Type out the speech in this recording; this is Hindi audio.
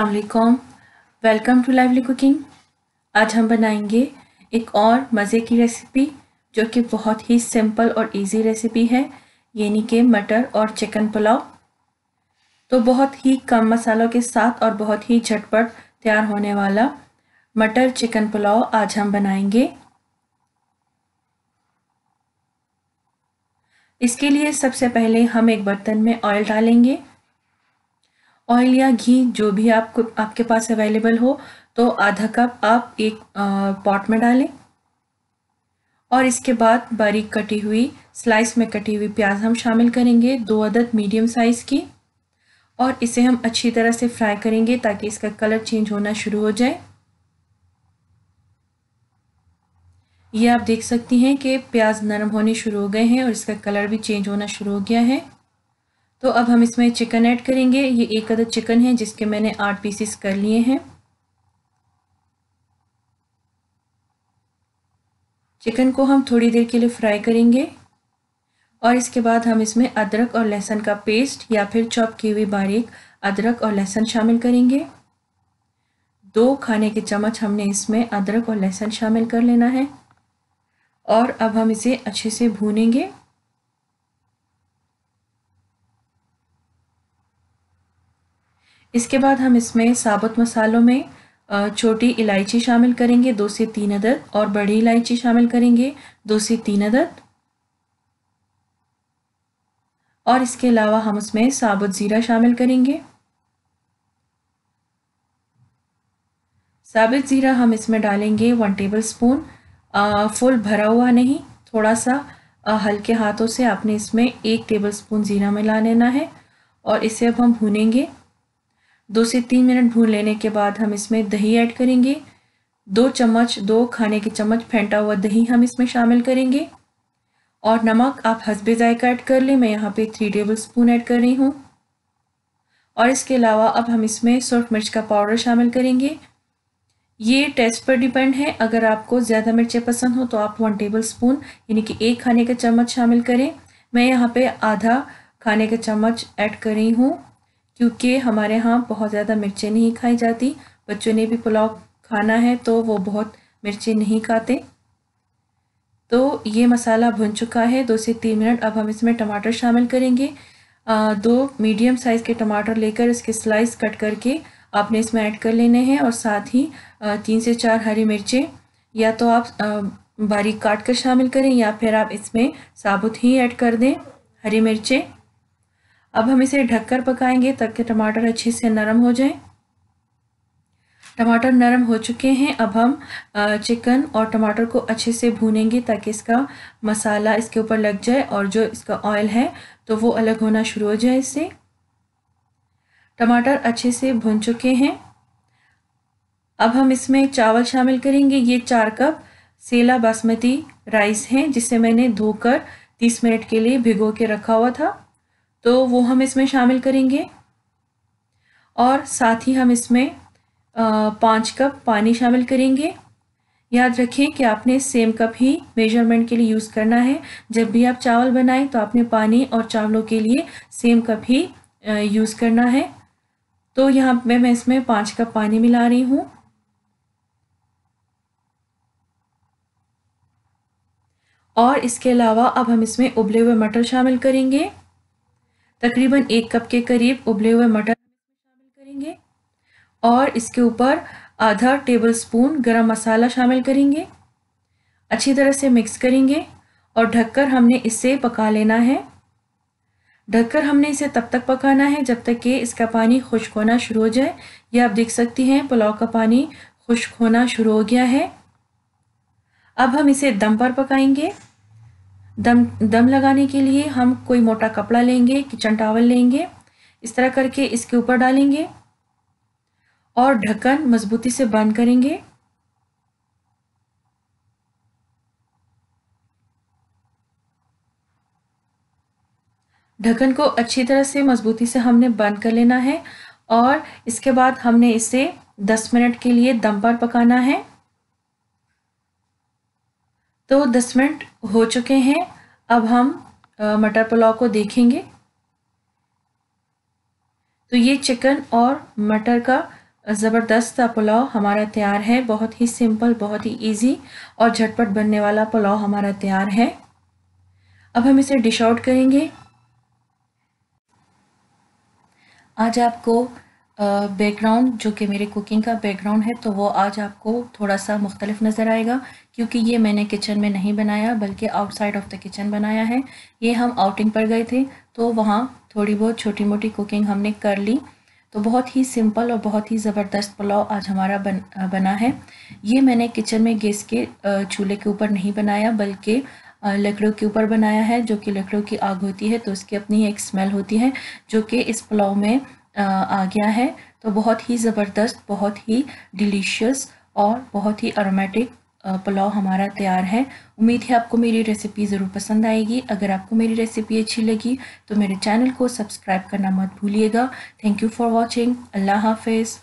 अस्सलाम वेलकम टू लाइवली कुकिंग आज हम बनाएंगे एक और मज़े की रेसिपी जो कि बहुत ही सिंपल और इजी रेसिपी है यानी कि मटर और चिकन पुलाव तो बहुत ही कम मसालों के साथ और बहुत ही झटपट तैयार होने वाला मटर चिकन पुलाव आज हम बनाएंगे इसके लिए सबसे पहले हम एक बर्तन में ऑयल डालेंगे ऑयल या घी जो भी आपको आपके पास अवेलेबल हो तो आधा कप आप एक पॉट में डालें और इसके बाद बारीक कटी हुई स्लाइस में कटी हुई प्याज हम शामिल करेंगे दो अदद मीडियम साइज़ की और इसे हम अच्छी तरह से फ्राई करेंगे ताकि इसका कलर चेंज होना शुरू हो जाए ये आप देख सकती हैं कि प्याज नरम होने शुरू हो गए हैं और इसका कलर भी चेंज होना शुरू हो गया है तो अब हम इसमें चिकन ऐड करेंगे ये एक अदद चिकन है जिसके मैंने आठ पीसेस कर लिए हैं चिकन को हम थोड़ी देर के लिए फ्राई करेंगे और इसके बाद हम इसमें अदरक और लहसुन का पेस्ट या फिर चॉप की हुई बारीक अदरक और लहसुन शामिल करेंगे दो खाने के चम्मच हमने इसमें अदरक और लहसुन शामिल कर लेना है और अब हम इसे अच्छे से भूनेंगे इसके बाद हम इसमें साबुत मसालों में छोटी इलायची शामिल करेंगे दो से तीन अदद और बड़ी इलायची शामिल करेंगे दो से तीन अदद और इसके अलावा हम उसमें साबुत ज़ीरा शामिल करेंगे साबुत ज़ीरा हम इसमें डालेंगे वन टेबल स्पून फुल भरा हुआ नहीं थोड़ा सा आ, हल्के हाथों से आपने इसमें एक टेबल स्पून ज़ीरा मिला लेना है और इसे अब हम भूनेंगे दो से तीन मिनट भून लेने के बाद हम इसमें दही ऐड करेंगे दो चम्मच दो खाने के चम्मच फेंटा हुआ दही हम इसमें शामिल करेंगे और नमक आप हंसबे ज़ायका ऐड कर लें मैं यहाँ पे थ्री टेबल स्पून ऐड कर रही हूँ और इसके अलावा अब हम इसमें सुरख मिर्च का पाउडर शामिल करेंगे ये टेस्ट पर डिपेंड है अगर आपको ज़्यादा मिर्चें पसंद हो तो आप वन टेबल स्पून यानी कि एक खाने का चम्मच शामिल करें मैं यहाँ पे आधा खाने का चम्मच ऐड कर रही हूँ क्योंकि हमारे यहाँ बहुत ज़्यादा मिर्चें नहीं खाई जाती बच्चों ने भी पुलाव खाना है तो वो बहुत मिर्चें नहीं खाते तो ये मसाला भुन चुका है दो से तीन मिनट अब हम इसमें टमाटर शामिल करेंगे आ, दो मीडियम साइज़ के टमाटर लेकर इसके स्लाइस कट करके आपने इसमें ऐड कर लेने हैं और साथ ही आ, तीन से चार हरी मिर्चें या तो आप आ, बारीक काट कर शामिल करें या फिर आप इसमें साबुत ही ऐड कर दें हरी मिर्चें अब हम इसे ढककर पकाएंगे ताकि टमाटर अच्छे से नरम हो जाए टमाटर नरम हो चुके हैं अब हम चिकन और टमाटर को अच्छे से भूनेंगे ताकि इसका मसाला इसके ऊपर लग जाए और जो इसका ऑयल है तो वो अलग होना शुरू हो जाए इससे टमाटर अच्छे से भुन चुके हैं अब हम इसमें चावल शामिल करेंगे ये चार कप सेला बासमती राइस हैं जिसे मैंने धोकर 30 मिनट के लिए भिगो के रखा हुआ था तो वो हम इसमें शामिल करेंगे और साथ ही हम इसमें पाँच कप पानी शामिल करेंगे याद रखें कि आपने सेम कप ही मेजरमेंट के लिए यूज़ करना है जब भी आप चावल बनाएं तो आपने पानी और चावलों के लिए सेम कप ही यूज़ करना है तो यहाँ पे मैं इसमें पाँच कप पानी मिला रही हूँ और इसके अलावा अब हम इसमें उबले हुए मटर शामिल करेंगे तकरीबन एक कप के करीब उबले हुए मटर शामिल करेंगे और इसके ऊपर आधा टेबल स्पून गर्म मसाला शामिल करेंगे अच्छी तरह से मिक्स करेंगे और ढककर हमने इसे पका लेना है ढककर हमने इसे तब तक पकाना है जब तक कि इसका पानी खुश्क होना शुरू हो जाए यह आप देख सकती हैं पुलाव का पानी खुश्क होना शुरू हो गया है अब हम इसे दम पर पकाएंगे दम दम लगाने के लिए हम कोई मोटा कपड़ा लेंगे किचन टावल लेंगे इस तरह करके इसके ऊपर डालेंगे और ढक्कन मजबूती से बंद करेंगे ढक्कन को अच्छी तरह से मजबूती से हमने बंद कर लेना है और इसके बाद हमने इसे 10 मिनट के लिए दम पर पकाना है तो दस मिनट हो चुके हैं अब हम मटर पुलाव को देखेंगे तो ये चिकन और मटर का ज़बरदस्त पुलाव हमारा तैयार है बहुत ही सिंपल बहुत ही इजी और झटपट बनने वाला पुलाव हमारा तैयार है अब हम इसे डिश आउट करेंगे आज आपको बैकग्राउंड जो कि मेरे कुकिंग का बैकग्राउंड है तो वो आज आपको थोड़ा सा मुख्तलिफ नज़र आएगा क्योंकि ये मैंने किचन में नहीं बनाया बल्कि आउटसाइड ऑफ द किचन बनाया है ये हम आउटिंग पर गए थे तो वहाँ थोड़ी बहुत छोटी मोटी कुकिंग हमने कर ली तो बहुत ही सिंपल और बहुत ही ज़बरदस्त पुलाव आज हमारा बन बना है ये मैंने किचन में गैस के चूल्हे के ऊपर नहीं बनाया बल्कि लकड़ों के ऊपर बनाया है जो कि लकड़ों की आग होती है तो उसकी अपनी एक स्मेल होती है जो कि इस पुलाव में आ गया है तो बहुत ही ज़बरदस्त बहुत ही डिलीशियस और बहुत ही अरोमेटिक पुलाव हमारा तैयार है उम्मीद है आपको मेरी रेसिपी ज़रूर पसंद आएगी अगर आपको मेरी रेसिपी अच्छी लगी तो मेरे चैनल को सब्सक्राइब करना मत भूलिएगा थैंक यू फॉर वॉचिंग अल्लाह हाफिज़